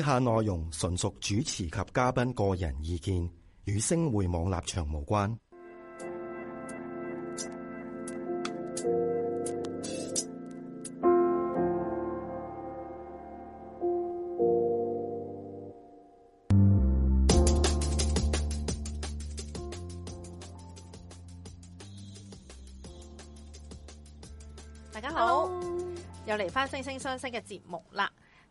以下內容純屬主持及嘉賓個人意見，與星匯網立場無關。大家好，Hello. 又嚟翻《星聲相析》嘅節目啦！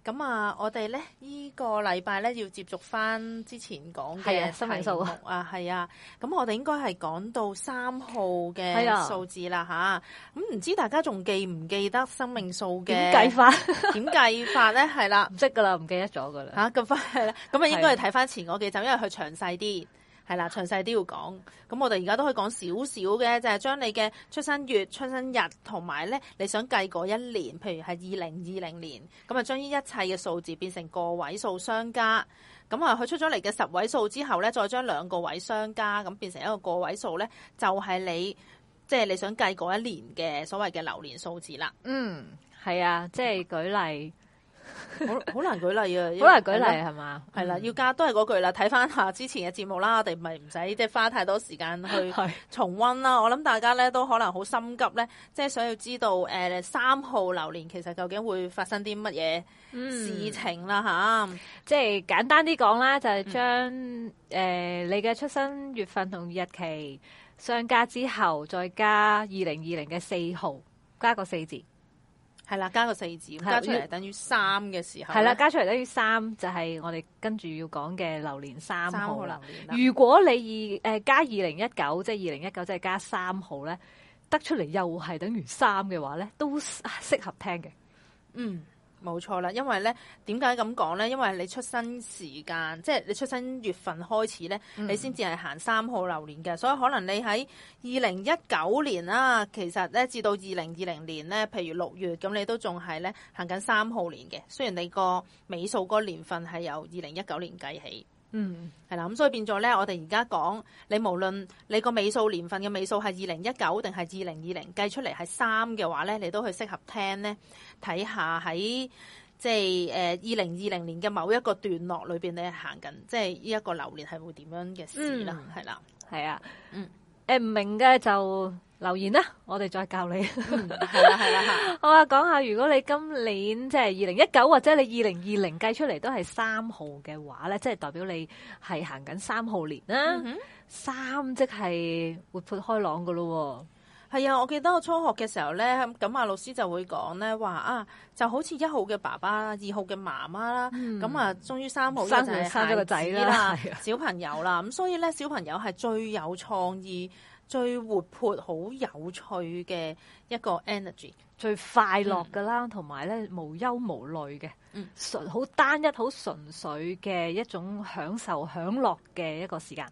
咁啊，我哋咧呢、呢個禮拜咧要接續翻之前講嘅、啊、生命數啊，係啊。咁我哋應該係講到三號嘅數字啦，吓，咁唔知大家仲記唔記得生命數嘅點計法？點 計法咧係啦，唔識噶啦，唔記得咗噶啦。吓，咁返去啦，咁啊，應該係睇翻前嗰幾集，因為佢詳細啲。係啦，詳細都要講。咁我哋而家都可以講少少嘅，就係將你嘅出生月、出生日同埋咧，你想計嗰一年，譬如係二零二零年，咁啊將呢一切嘅數字變成個位數相加，咁啊佢出咗嚟嘅十位數之後咧，再將兩個位相加，咁變成一個個位數咧，就係你即係你想計嗰一年嘅所謂嘅流年數字啦。嗯，係啊，即係舉例。 好好難舉例啊！好 難舉例係嘛？係啦，要加都係嗰句啦。睇翻下之前嘅節目啦，我哋咪唔使即係花太多時間去重溫啦。 我諗大家咧都可能好心急咧，即係想要知道誒三號流年其實究竟會發生啲乜嘢事情啦？吓，嗯，啊，即係簡單啲講啦，就係將誒你嘅出生月份同日期相加之後，再加二零二零嘅四號，加個四字。係啦，加個四字加出嚟，等於三嘅時候，係啦，加出嚟等於三，三就係我哋跟住要講嘅流年三號了。三號流年了，如果你二誒、呃、加二零一九，即係二零一九，即係加三號咧，得出嚟又係等於三嘅話咧，都適合聽嘅。嗯。冇錯啦，因為咧點解咁講咧？因為你出生時間，即係你出生月份開始咧、嗯，你先至係行三號流年嘅。所以可能你喺二零一九年啦、啊，其實咧至到二零二零年咧，譬如六月咁，你都仲係咧行緊三號年嘅。雖然你個尾數嗰年份係由二零一九年計起。嗯，係啦，咁所以變咗咧，我哋而家講，你無論你個尾數年份嘅尾數係二零一九定係二零二零，計出嚟係三嘅話咧，你都去適合聽咧，睇下喺即係誒二零二零年嘅某一個段落裏邊你行緊，即係呢一個流年係會點樣嘅事啦，係啦，係啊，嗯。誒、欸，唔明嘅就留言啦，我哋再教你。係啦係啦吓，好啊，講下，如果你今年即係二零一九或者你二零二零計出嚟都係三號嘅話咧，即係代表你係行緊三號年啦、嗯，三即係活潑開朗噶咯。係啊，我記得我初學嘅時候咧，咁啊老師就會講咧話啊，就好似一號嘅爸爸，二號嘅媽媽啦，咁、嗯、啊終於三號，號就生咗個仔啦，小朋友啦，咁所以咧小朋友係最有創意、 最活潑、好有趣嘅一個 energy，最快樂㗎啦，同埋咧無憂無慮嘅，純、嗯、好單一、好純粹嘅一種享受、享樂嘅一個時間。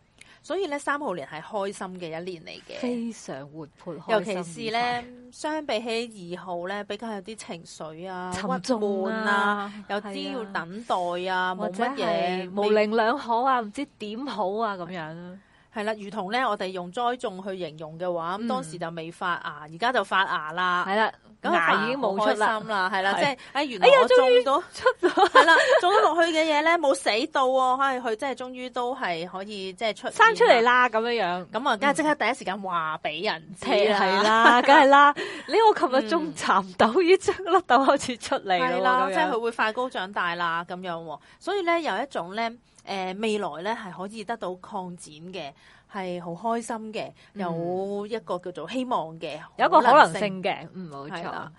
所以咧三號年係開心嘅一年嚟嘅，非常活潑，尤其是咧相比起二號咧，比較有啲情緒啊、沉重啊，有啲要等待啊，冇乜嘢，模棱兩可啊，唔知點好啊咁樣。係啦，如同咧，我哋用栽種去形容嘅話，咁、嗯、當時就未發芽，而家就發芽啦。係啦，咁芽已經冇出心啦，係、哦哎、啦，即係喺原來種都出咗，係啦，種咗落去嘅嘢咧冇死到，係佢即係終於都係可以即係出生出嚟啦咁樣樣。咁、嗯、啊，梗係即刻第一時間話俾人知啦，梗係啦。你 我琴日種蠶豆，呢粒豆開始出嚟、哦，係啦，即係佢會快高長大啦咁樣、哦。所以咧，有一種咧。.誒、呃，未來咧係可以得到擴展嘅，係好開心嘅，有一個叫做希望嘅、嗯，有一個可能性嘅，冇錯。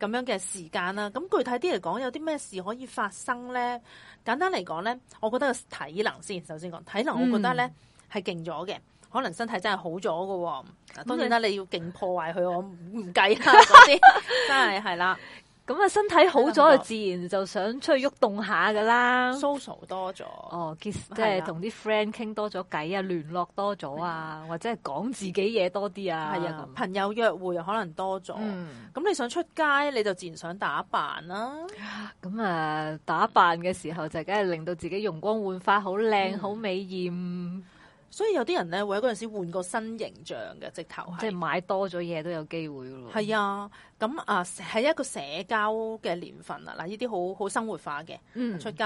咁樣嘅時間啦，咁具體啲嚟講，有啲咩事可以發生咧？簡單嚟講咧，我覺得體能先，首先講體能，我覺得咧係勁咗嘅，可能身體真係好咗噶。當然啦，你要勁破壞佢、嗯，我唔計啦，嗰啲 真係係啦。咁啊，身體好咗，就自然就想出去喐動下噶啦。social 多咗，哦、oh, 啊，即係同啲 friend 傾多咗偈啊，聯絡多咗啊，或者係講自己嘢多啲啊。朋友約會又可能多咗，咁、嗯、你想出街你就自然想打扮啦、啊。咁啊，打扮嘅時候就梗係令到自己容光煥發，好、嗯、靚，好美豔。所以有啲人咧，會喺嗰陣時換個新形象嘅，直頭即係買多咗嘢都有機會嘅喎。係啊，咁啊係一個社交嘅年份啦，嗱呢啲好好生活化嘅、嗯，出街、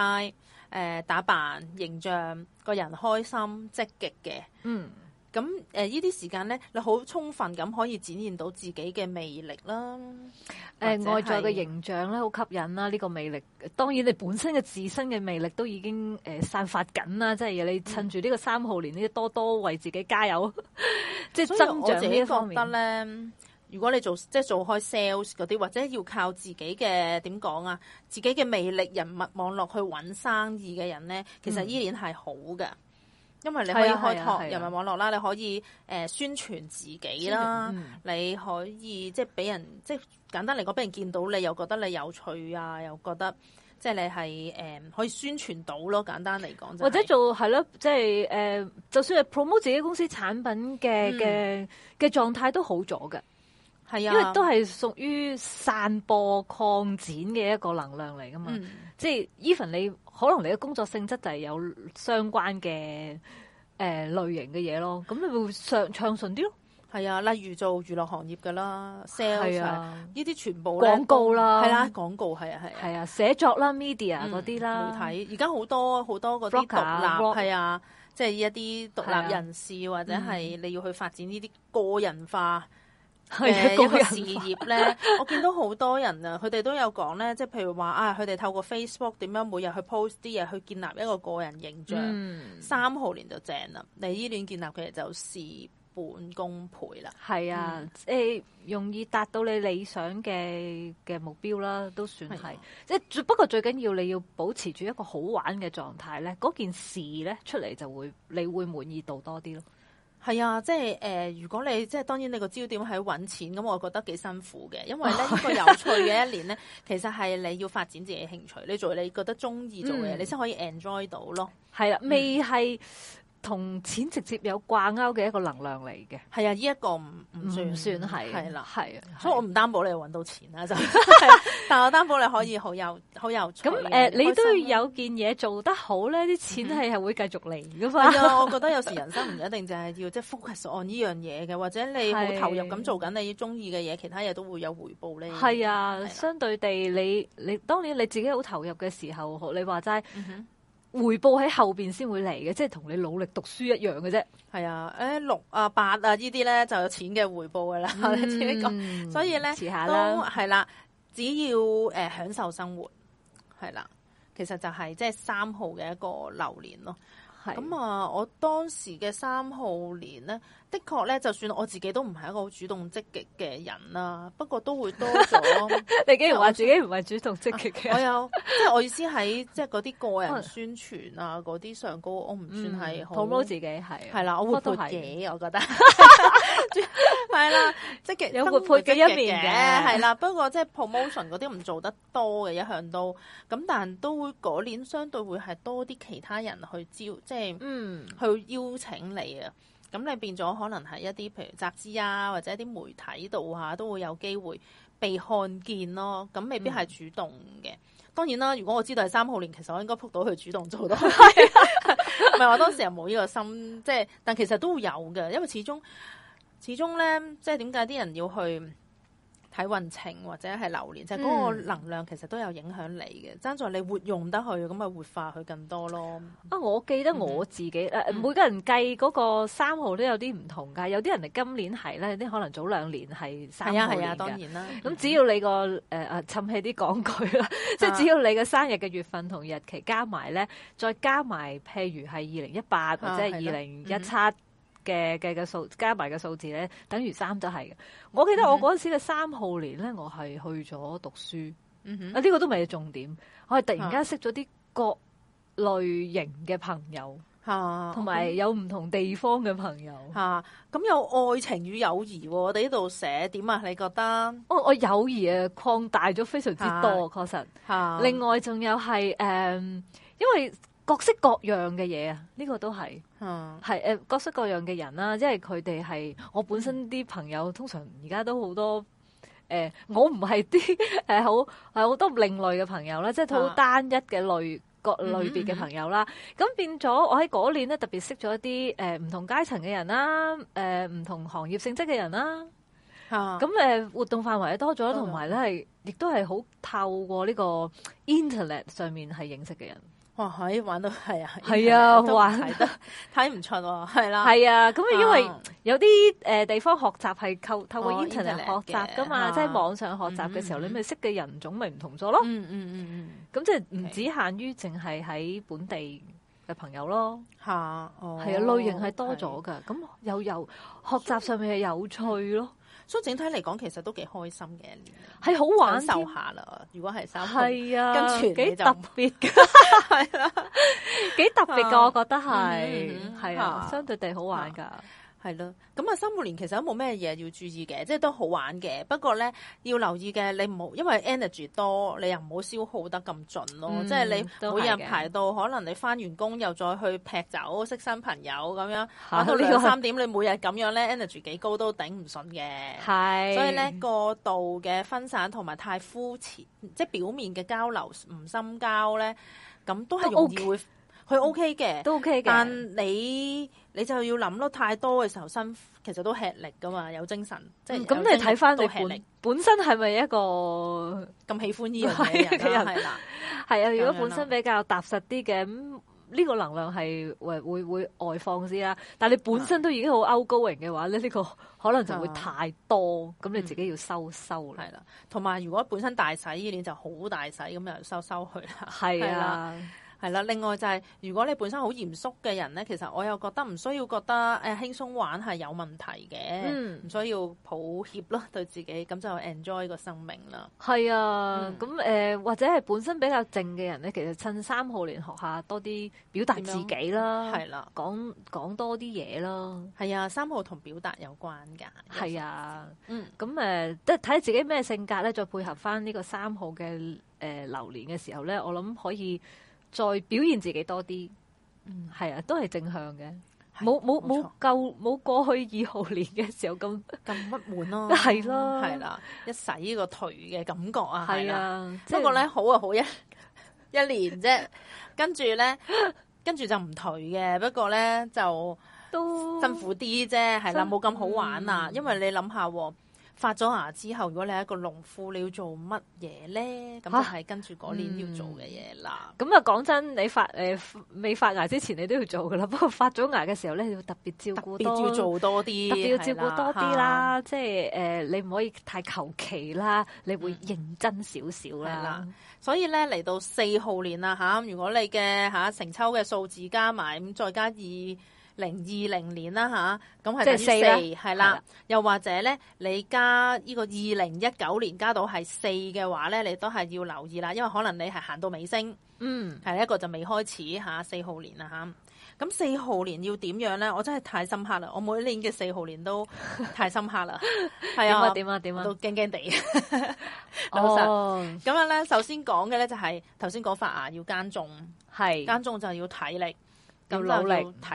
呃、打扮形象，個人開心積極嘅，嗯。咁呢啲時間咧，你好充分咁可以展現到自己嘅魅力啦。呃、外在嘅形象咧，好吸引啦、啊。呢、這個魅力，當然你本身嘅自身嘅魅力都已經、呃、散發緊啦。即、嗯、係、就是、你趁住呢個三號年，呢多多為自己加油，即 係增長自己得呢方面。如果你做即係做開 sales 嗰啲，或者要靠自己嘅點講啊，自己嘅魅力、人物網絡去搵生意嘅人咧，其實依然係好嘅。嗯因為你可以開拓人脈網絡啦、啊啊啊，你可以誒、呃、宣傳自己啦、嗯，你可以即係俾人即係簡單嚟講俾人見到你又覺得你有趣啊，又覺得即係你係誒、呃、可以宣傳到咯。簡單嚟講，就是，或者做係咯，即係誒，就算係 promote 自己公司產品嘅嘅嘅狀態都好咗嘅，係啊，因為都係屬於散播擴展嘅一個能量嚟㗎嘛。嗯即係 even 你可能你嘅工作性質就係有相關嘅誒、呃、類型嘅嘢咯，咁你會上暢順啲咯。係啊，例如做娛樂行業嘅啦，sales 係啊，呢啲、啊、全部廣告啦，係啦、啊，廣告係啊係啊，啊，啊，寫作啦，media 嗰、嗯、啲啦，媒體而家好多好多嗰啲獨立係啊，即、就、係、係、一啲獨立人士係、啊、或者係你要去發展呢啲個人化。嗯嘅、呃、個個事業咧， 我見到好多人啊，佢 哋都有講咧，即係譬如話啊，佢、哎、哋透過 Facebook 點樣每日去 post 啲嘢，去建立一個個人形象。嗯、三號年就正啦，你依段建立其實就事半功倍啦。係啊、嗯欸，容易達到你理想嘅嘅目標啦，都算係、啊。即不過最緊要你要保持住一個好玩嘅狀態咧，嗰件事咧出嚟就會你會滿意度多啲咯。係啊，即係誒、呃，如果你即係當然你個焦點喺揾錢咁，那我覺得幾辛苦嘅。因為咧呢個 有趣嘅一年咧，其實係你要發展自己嘅興趣，你做你覺得中意做嘅嘢，嗯，你先可以 enjoy 到咯。係啦，啊，未係。嗯同錢直接有掛鈎嘅一個能量嚟嘅，係啊，呢、這、一個唔唔算算係，係、嗯、啦，係啊，所以我唔擔保你揾到錢啦，就、啊啊啊啊啊，但我擔保你可以有 好有好有咁誒、呃啊，你都要有件嘢做得好咧，啲錢係係會繼續嚟咁反正我覺得有時人生唔一定就係要即係 focus on 呢樣嘢嘅，或者你好投入咁做緊你中意嘅嘢，其他嘢都會有回報呢。係啊,啊,啊，相對地，嗯、你你當然你自己好投入嘅時候，你話齋。嗯回報喺後邊先會嚟嘅，即係同你努力讀書一樣嘅啫。係啊，誒六啊八啊呢啲咧就有錢嘅回報噶啦。呢、嗯、個 所以咧遲下都係啦，只要誒、呃、享受生活係啦，其實就係即係三號嘅一個流年咯。咁啊！我當時嘅三號年咧，的確咧，就算我自己都唔係一個好主動積極嘅人啦、啊。不過都會多咗。 你竟然話自己唔係主動積極嘅、啊？我有 即係我意思喺即係嗰啲個人宣傳啊，嗰啲上高我唔算係好、嗯、自己係。係啦，我活潑嘅，我覺得。 係 啦， 即係有活潑嘅一面嘅，係啦。 不過即係 promotion 嗰啲唔做得多嘅，一向都咁，但都會嗰年相對會係多啲其他人去招，即係嗯，去邀請你啊。咁你變咗可能係一啲譬如雜誌啊，或者一啲媒體度啊，都會有機會被看見咯。咁未必係主動嘅。當然啦，如果我知道係三號年，其實我應該撲到去主動做多。唔係，我當時又冇呢個心，即係但其實都會有嘅，因為始終。始終咧，即係點解啲人要去睇運程或者係流年，就係嗰個能量其實都有影響你嘅，爭、嗯、在你活用得去，咁咪活化佢更多咯。啊，我記得我自己，誒、嗯，每個人計嗰個三號都有啲唔同噶，有啲人今年係咧，有啲可能早兩年係三號嚟噶。啊、當然啦，咁只要你個誒誒，氹起啲講句啦，嗯、 即係只要你嘅生日嘅月份同日期加埋咧，再加埋，譬如係二零一八或者係二零一七。嘅嘅嘅數加埋嘅數字咧，等於三都係嘅。我記得我嗰陣時嘅三號年咧，我係去咗讀書。嗯啊呢個都唔係重點。我係突然間識咗啲各類型嘅朋友，吓、啊，同埋有唔同地方嘅朋友，吓、啊。咁、嗯啊、有愛情與友誼、啊，我哋呢度寫點啊？你覺得？哦，我友誼啊擴大咗非常之多，確實。吓、啊啊，另外仲有係誒、嗯，因為。各式各樣嘅嘢啊，呢、這個都係，係、嗯、誒、呃、各式各樣嘅人啦，即係佢哋係我本身啲朋友，嗯、通常而家都好多誒、呃，我唔係啲誒好係好多另類嘅朋友啦，即係好單一嘅類各類別嘅朋友啦。咁、嗯嗯嗯、變咗我喺嗰年咧，特別識咗一啲誒唔同階層嘅人啦，誒、呃、唔同行業性質嘅人啦，啊咁誒活動範圍多咗，同埋咧係亦都係好透過呢個 internet 上面係認識嘅人。哇！喺玩到係啊，係 啊，好玩得睇唔出喎，係啦，係啊。咁啊，因為、啊、有啲誒地方學習係靠透過 Internet 嚟學習噶嘛，哦的啊、即係網上學習嘅時候，嗯、你咪識嘅人種咪唔同咗咯。嗯嗯嗯嗯，咁即係唔止限於淨係喺本地嘅朋友咯。吓、啊，哦，係啊，類型係多咗噶。咁又由學習上面係有趣咯。所以整體嚟講，其實都幾開心嘅係好玩受下喇。如果係三號、啊、跟住，幾特別㗎。係 啦 是、啊，幾 特別㗎、啊。我覺得係，係、嗯、呀、嗯啊，相對地好玩㗎。係咯，咁啊，生活年其實都冇咩嘢要注意嘅，即係都好玩嘅。不過咧，要留意嘅你唔好，因為 energy 多，你又唔好消耗得咁盡咯。即係你每日排到可能你翻完工又再去劈酒識新朋友咁樣，玩到呢個三點、啊，你每日咁樣咧，energy 幾高都頂唔順嘅。係，所以咧，過度嘅分散同埋太膚淺，即係表面嘅交流唔深交咧，咁都係容易會。佢 OK 嘅，都 OK 嘅。但你你就要諗得太多嘅時候，身，身其實都吃力㗎嘛，有精神即係。咁、嗯、你睇翻你本本，本身係咪一個咁喜歡呢樣嘅人？係 啦，係啊。如果本身比較踏實啲嘅，咁、這、呢個能量係會會會外放啲啦。但係你本身都已經好 outgoing 嘅話咧，呢、嗯這個可能就會太多。咁、嗯、你自己要收收啦，係啦。同埋如果本身大使呢，這年就好大使咁，又收收佢啦，係啊。係啦，另外就係、是、如果你本身好嚴肅嘅人咧，其實我又覺得唔需要覺得誒、啊、輕鬆玩係有問題嘅，唔、嗯、需要抱歉咯，對自己咁就 enjoy 個生命啦。係啊，咁、嗯、誒、呃、或者係本身比較靜嘅人咧，其實趁三號年學下多啲表達自己啦，係、嗯嗯、啦，講講多啲嘢咯。係啊，三號同表達有關㗎。係啊，嗯，咁誒即係睇自己咩性格咧，再配合翻呢個三號嘅誒、呃、流年嘅時候咧，我諗可以。再表現自己多啲，嗯，係啊，都係正向嘅，冇冇冇夠冇過去二號年嘅時候咁咁乜悶咯，係咯、啊，係 啦，啦，一洗呢個頹嘅感覺啊，係啊、就是，不過咧好就好一一年啫， 跟住咧跟住就唔頹嘅，不過咧就都辛苦啲啫，係啦，冇咁好玩啊，嗯、因為你諗下。發咗芽之後，如果你係一個農夫，你要做乜嘢咧？咁就係跟住嗰年要做嘅嘢啦。咁啊，講、嗯、真，你發誒未、呃、發芽之前，你都要做㗎啦。不過發咗芽嘅時候咧，你要特別照顧，特要做多啲，特要照顧多啲啦。是是即係誒、呃，你唔可以太求其啦，你會認真少少啦。所以咧，嚟到四號年啦，吓，如果你嘅吓、啊、成秋嘅數字加埋，咁再加二。零二零年啦吓，咁係第四，係啦。又或者咧，你加呢個二零一九年加到係四嘅話咧，你都係要留意啦，因為可能你係行到尾聲，嗯，係一個就未開始吓四號年啦吓。咁四號年要點樣咧？我真係太深刻啦！我每年嘅四號年都太深刻啦，係 啊，點啊點啊，都驚驚地。哦、 老實咁樣咧，首先講嘅咧就係頭先講法啊，要耕種，係耕種就要體力。咁努力，睇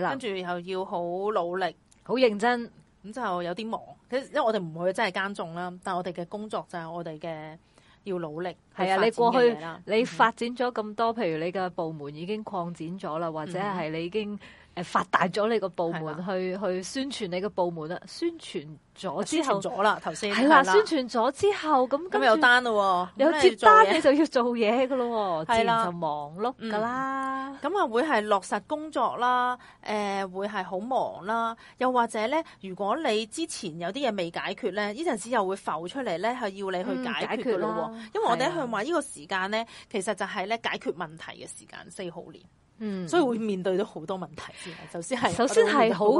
能，跟住又要好努力，好認真，咁就有啲忙。其實因為我哋唔會真係耕種啦，但我哋嘅工作就係我哋嘅要努力。係啊，你過去、嗯、你發展咗咁多，譬如你嘅部門已經擴展咗啦，或者係你已經。嗯發大咗你個部門去去宣傳你個部門啊！宣傳咗之後咗啦，頭先係啦，宣傳咗之後咁咁有單咯，接有接單你就要做嘢噶咯，係啦就忙碌噶啦，咁啊、嗯嗯、會係落實工作啦，誒、呃、會係好忙啦，又或者咧，如果你之前有啲嘢未解決咧，呢陣時又會浮出嚟咧，係要你去解決噶咯、嗯，因為我哋去話呢個時間咧，其實就係咧解決問題嘅時間，四號年。嗯，所以會面對到好多，多問題，首先係首先係好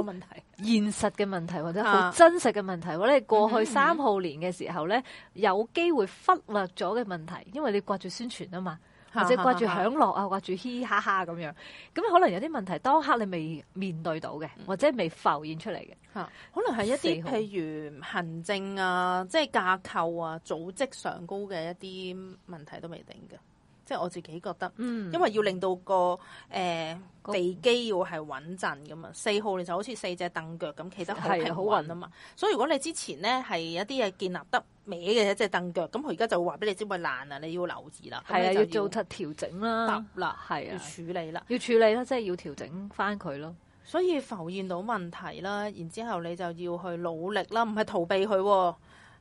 現實嘅問題或者好真實嘅問題，啊、或者你過去三號年嘅時候咧、嗯，有機會忽略咗嘅問題，因為你掛住宣傳啊嘛，或者掛住享樂啊，掛、啊、住、啊、嘻嘻哈哈咁樣，咁可能有啲問題當刻你未面對到嘅、嗯，或者未浮現出嚟嘅、啊，可能係一啲譬如行政啊，即、就、係、是、架構啊，組織上高嘅一啲問題都未定嘅。即係我自己覺得、嗯，因為要令到個誒、呃、地基要係穩陣㗎嘛。四號你就好似四隻凳腳咁，其實好平穩啊嘛。所以如果你之前咧係一啲嘢建立得歪嘅一隻凳腳，咁佢而家就話俾你知，咪爛啊，你要留意啦，係要，要做出調整啦，啦，係啊，要處理啦，要處理啦，即、就、係、是、要調整翻佢咯。所以浮現到問題啦，然之後你就要去努力啦，唔係逃避佢。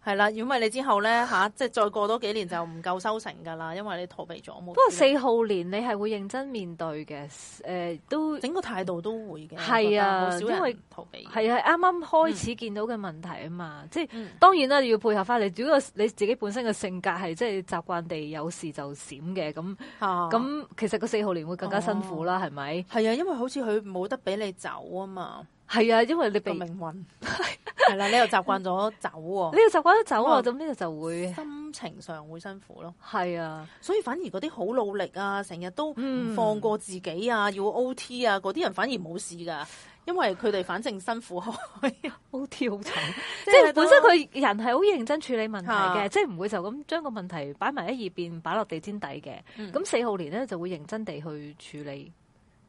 係啦，如果唔係你之後咧吓、啊，即係再過多幾年就唔夠收成噶啦，因為你逃避咗冇。不過四號年你係會認真面對嘅，誒、呃，都整個態度都會嘅。係啊少，因為逃避係啊，啱啱開始見到嘅問題啊嘛，嗯、即係當然啦，你要配合翻你。如果你自己本身嘅性格係，即係習慣地有事就閃嘅咁，咁、啊、其實個四號年會更加辛苦啦，係、啊、咪？係啊，因為好似佢冇得俾你走啊嘛。係啊，因為你被命運。 係 啦，你又習慣咗走喎，啊，你又習慣咗走喎，啊，咁呢個就會心情上會辛苦咯。係啊，所以反而嗰啲好努力啊，成日都唔放過自己啊，嗯、要 O T 啊，嗰啲人反而冇事噶，因為佢哋反正辛苦開 O T 好慘醜， 即係本身佢人係好認真處理問題嘅， 即係唔會就咁將個問題擺埋一邊，擺落地氈底嘅。咁、嗯、四號年咧就會認真地去處理，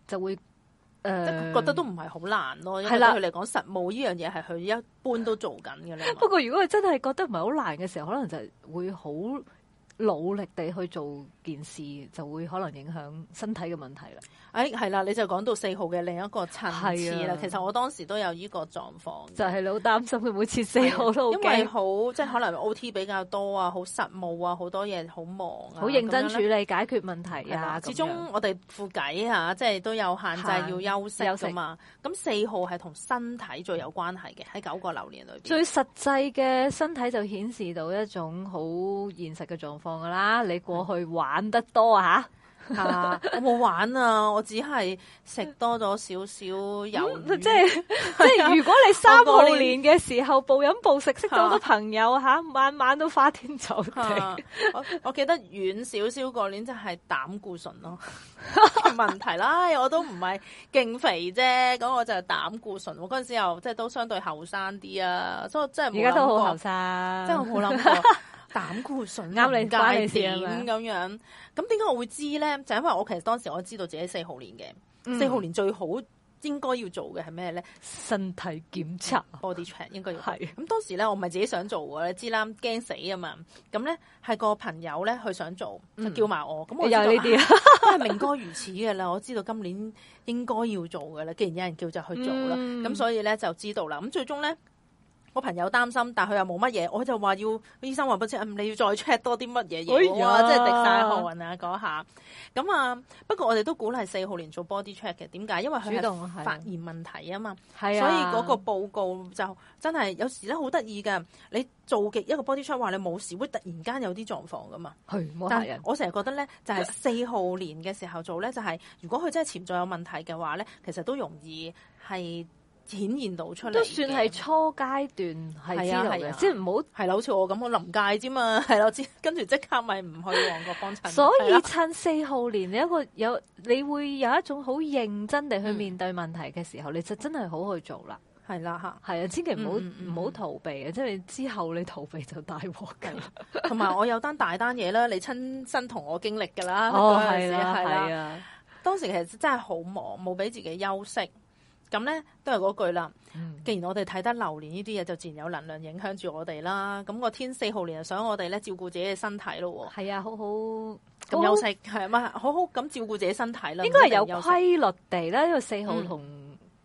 就會。誒，即係覺得都唔係好難咯。係啦，對佢嚟講，實務呢樣嘢係佢一般都做緊嘅咧。不過，如果佢真係覺得唔係好難嘅時候，可能就係會好。努力地去做件事，就會可能影響身體嘅問題啦。誒、哎，係啦，你就講到四號嘅另一個層次啦。其實我當時都有呢個狀況，就係你好擔心佢每次四號咯，因為好 即係可能 O T 比較多啊，好實務啊，好多嘢好忙啊，好認真處理解決問題啊。始終我哋副計啊，即係都有限制要休息嘅嘛。咁四號係同身體最有關係嘅，喺九個流年裏面，邊最實際嘅身體就顯示到一種好現實嘅狀況。噶啦，你過去玩得多吓、 啊，我冇玩啊，我只係食多咗少少油，即係即係。 如果你三 個年嘅時候暴飲暴食，識咗好多朋友吓，晚、啊啊、晚都花天酒地，啊、我我記得遠少少過年，真係膽固醇咯 問題啦，我都唔係勁肥啫，咁我就膽固醇。我嗰陣時又即係都相對後生啲啊，所以真係而家都好後生，真係好冇諗過。 膽固醇啱你介點咁樣？咁點解我會知咧？就係，因為我其實當時我知道自己四號年嘅，四、嗯、號年最好應該要做嘅係咩咧？身體檢查、嗯、body check 應該要係咁當時咧，我唔係自己想做嘅，你知啦，驚死啊嘛！咁咧係個朋友咧，佢想做就叫埋我，咁、嗯、我有呢啲都係命該如此嘅啦。我知道今年應該要做嘅啦，既然有人叫就去做啦，咁、嗯、所以咧就知道啦。咁最終咧。我朋友擔心，但佢又冇乜嘢，我就話要醫生話不知你要再 check 多啲乜嘢嘢，我即係滴曬汗啊嗰下。咁啊，不過我哋都鼓勵四號年做 body check 嘅，點解？因為佢係發現問題啊嘛，所以嗰個報告就、啊、真係有時咧好得意噶。你做極一個 body check 話你冇事，會突然間有啲狀況噶嘛。係，冇嚇人。我成日覺得咧，就係四號年嘅時候做咧，就係、是、如果佢真係潛在有問題嘅話咧，其實都容易係，顯現到出嚟都算係初階段，係啊，係啊，啊，即係唔、啊、好係好似我咁，我臨界咋嘛係啦，跟住即刻咪唔去旺角幫襯。所以趁四號年，啊、你一個有你會有一種好認真地去面對問題嘅時候，嗯，你就真係好去做啦。係啦，係啊，啊嗯、千祈唔好唔好逃避啊，即、嗯、係、就是、之後你逃避就大鑊啦，同埋我有單大單嘢啦， 你親身同我經歷噶啦。哦，係、那、啦、個，係啦、啊啊啊啊啊，當時其實真係好忙，冇俾自己休息。咁咧都係嗰句啦。既然我哋睇得流年呢啲嘢，就自然有能量影響住我哋啦。咁個天四號年就想我哋咧照顧自己嘅身體咯。係啊，好好咁休息係啊，好好咁照顧自己身體啦。應該係有規律地啦，呢個四號同誒、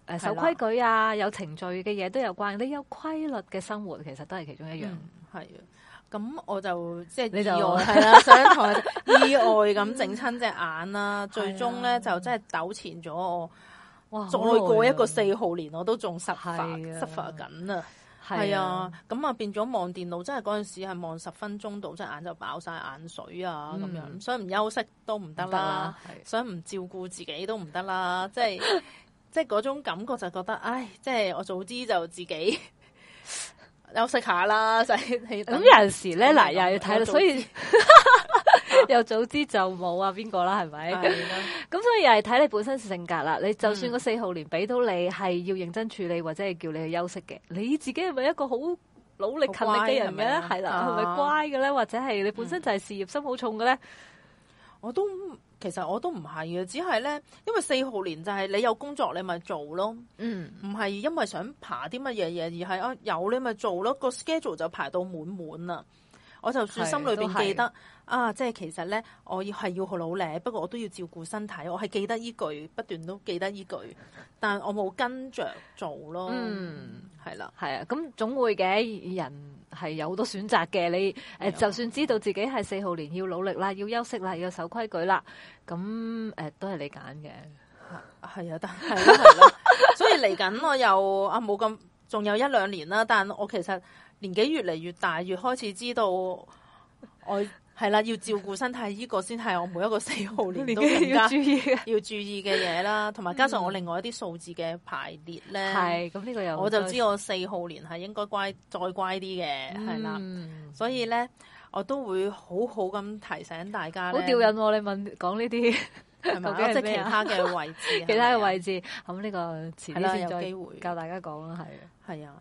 嗯、守規矩啊，有程序嘅嘢都有關。你有規律嘅生活，其實都係其中一樣。係、嗯、啊，咁我就即係、就是、意外係啦，你就 意外咁整親隻眼啦、嗯，最終咧就真係糾纏咗我。再過一個四號年，我都仲 suffer，suffer 緊啊！係啊，咁啊變咗望電腦，真係嗰陣時係望十分鐘到真係眼就飽晒眼水啊咁、嗯、樣，所以唔休息都唔得啦，所以唔照顧自己都唔得啦，即係 即係嗰種感覺就覺得，唉，即係我早知就自己休息下啦，就 咁 有陣時咧，嗱又要睇，所以。 又早知就冇啊，邊個啦？係咪？咁 所以又係睇你本身性格啦。你就算個四號年俾到你，係、嗯、要認真處理或者係叫你去休息嘅，你自己係咪一個好努力勤力嘅人嘅咧？係啦，係、啊、咪乖嘅咧？或者係你本身就係事業心好重嘅咧？我都其實我都唔係嘅，只係咧，因為四號年就係你有工作你咪做咯。嗯，唔係因為想爬啲乜嘢嘢，而係啊有你咪做咯。個 schedule 就排到滿滿啦。我就算心裏邊記得是是啊，即係其實咧，我要係要好努力，不過我都要照顧身體。我係記得依句，不斷都記得依句，但我冇跟着做咯。嗯，係啦，係啊，咁總會嘅。人係有好多選擇嘅。你誒、呃，就算知道自己係四號年要努力啦，要休息啦，要守規矩啦，咁誒、呃、都係你揀嘅。係 啊，但係、係啊係啊係啊 啊、所以嚟緊我又啊冇咁，仲有一兩年啦。但係我其實。年紀越嚟越大，越開始知道我係啦， 要照顧身體呢個先係我每一個四號年都要注意嘅要注意嘅嘢啦。同埋加上我另外一啲數字嘅排列咧，係咁呢個又我就知我四號年係應該乖再乖啲嘅，係、嗯、啦。所以咧，我都會好好咁提醒大家咧。好吊人、啊，你問講呢啲，同埋即其他嘅位置， 其他嘅位置。咁呢個遲啲先有機會教大家講啦，係啊，係啊。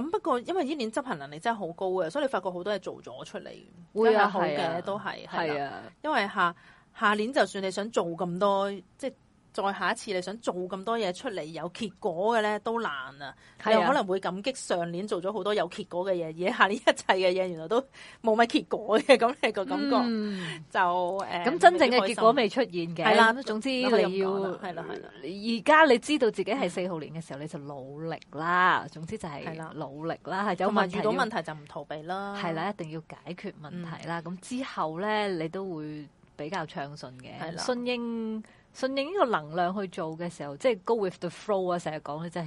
咁不過，因為呢年執行能力真係好高嘅，所以你發覺好多嘢做咗出嚟，會有、啊、好嘅、啊，都係。係啊，啊，因為下下年就算你想做咁多，即係再下一次你想做咁多嘢出嚟有結果嘅咧，都難啊！你可能會感激上年做咗好多有結果嘅嘢，而下年呢一切嘅嘢，原來都冇乜結果嘅，咁你個感覺就。就、嗯、誒、咁真正嘅結果未出現嘅。係啦，總之你要係啦係啦。而家你知道自己係四號年嘅時候，你就努力啦。總之就係努力啦。啦有問題，遇到問題就唔逃避啦。係啦，一定要解決問題啦。咁、嗯、之後咧，你都會比較暢順嘅。孫英。順應呢個能量去做嘅時候，即係 Go with the flow 的的啊！成日講嘅真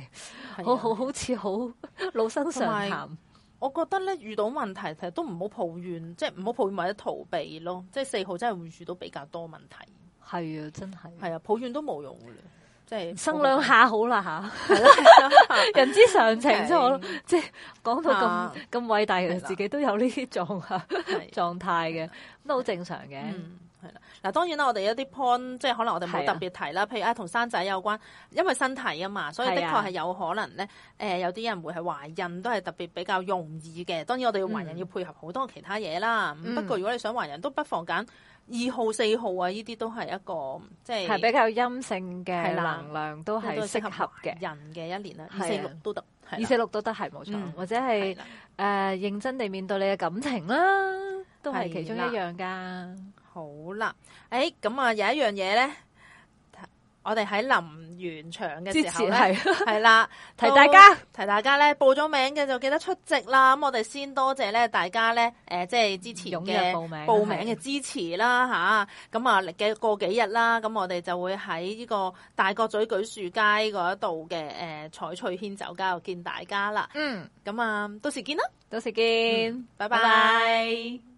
係，好好好似好老生常談。我覺得咧，遇到問題其實都唔好抱怨，即係唔好抱怨或者逃避咯。即係四號真係會遇到比較多問題。係啊，真係。係啊，抱怨都冇用嘅，即係生兩下好啦吓。 人之常情啫。Okay. 我即係講到咁咁偉大，其實自己都有呢啲狀狀態嘅，都好正常嘅。嗯係啦，嗱當然啦，我哋一啲 point 即係可能我哋冇特別提啦、啊。譬如啊，同生仔有關，因為身體啊嘛，所以的確係有可能咧。誒、啊呃，有啲人會係懷孕，都係特別比較容易嘅。當然我哋要懷孕要配合好多其他嘢啦、嗯。不過如果你想懷孕，都不妨揀二號、四號啊，呢啲都係一個即係係比較陰性嘅能量都係適合嘅係、啊，都係適合嘅人嘅一年啦。二四六都得，二四六都得，係冇錯。或者係誒、啊 uh，認真地面對你嘅感情啦，都係其中一樣噶。好啦，誒、欸，咁啊，有一樣嘢咧，我哋喺臨完場嘅時候咧，係、啊、啦 提，提大家，提大家咧，報咗名嘅就記得出席啦。咁我哋先多謝咧，大家咧，誒、呃，即係之前嘅報名嘅支持啦，吓。咁啊，嘅、啊、過幾日啦，咁我哋就會喺呢個大角咀舉樹街嗰度嘅誒彩翠軒酒家又見大家啦。嗯，咁啊，到時見啦，到時見，拜、嗯、拜。Bye bye bye bye bye bye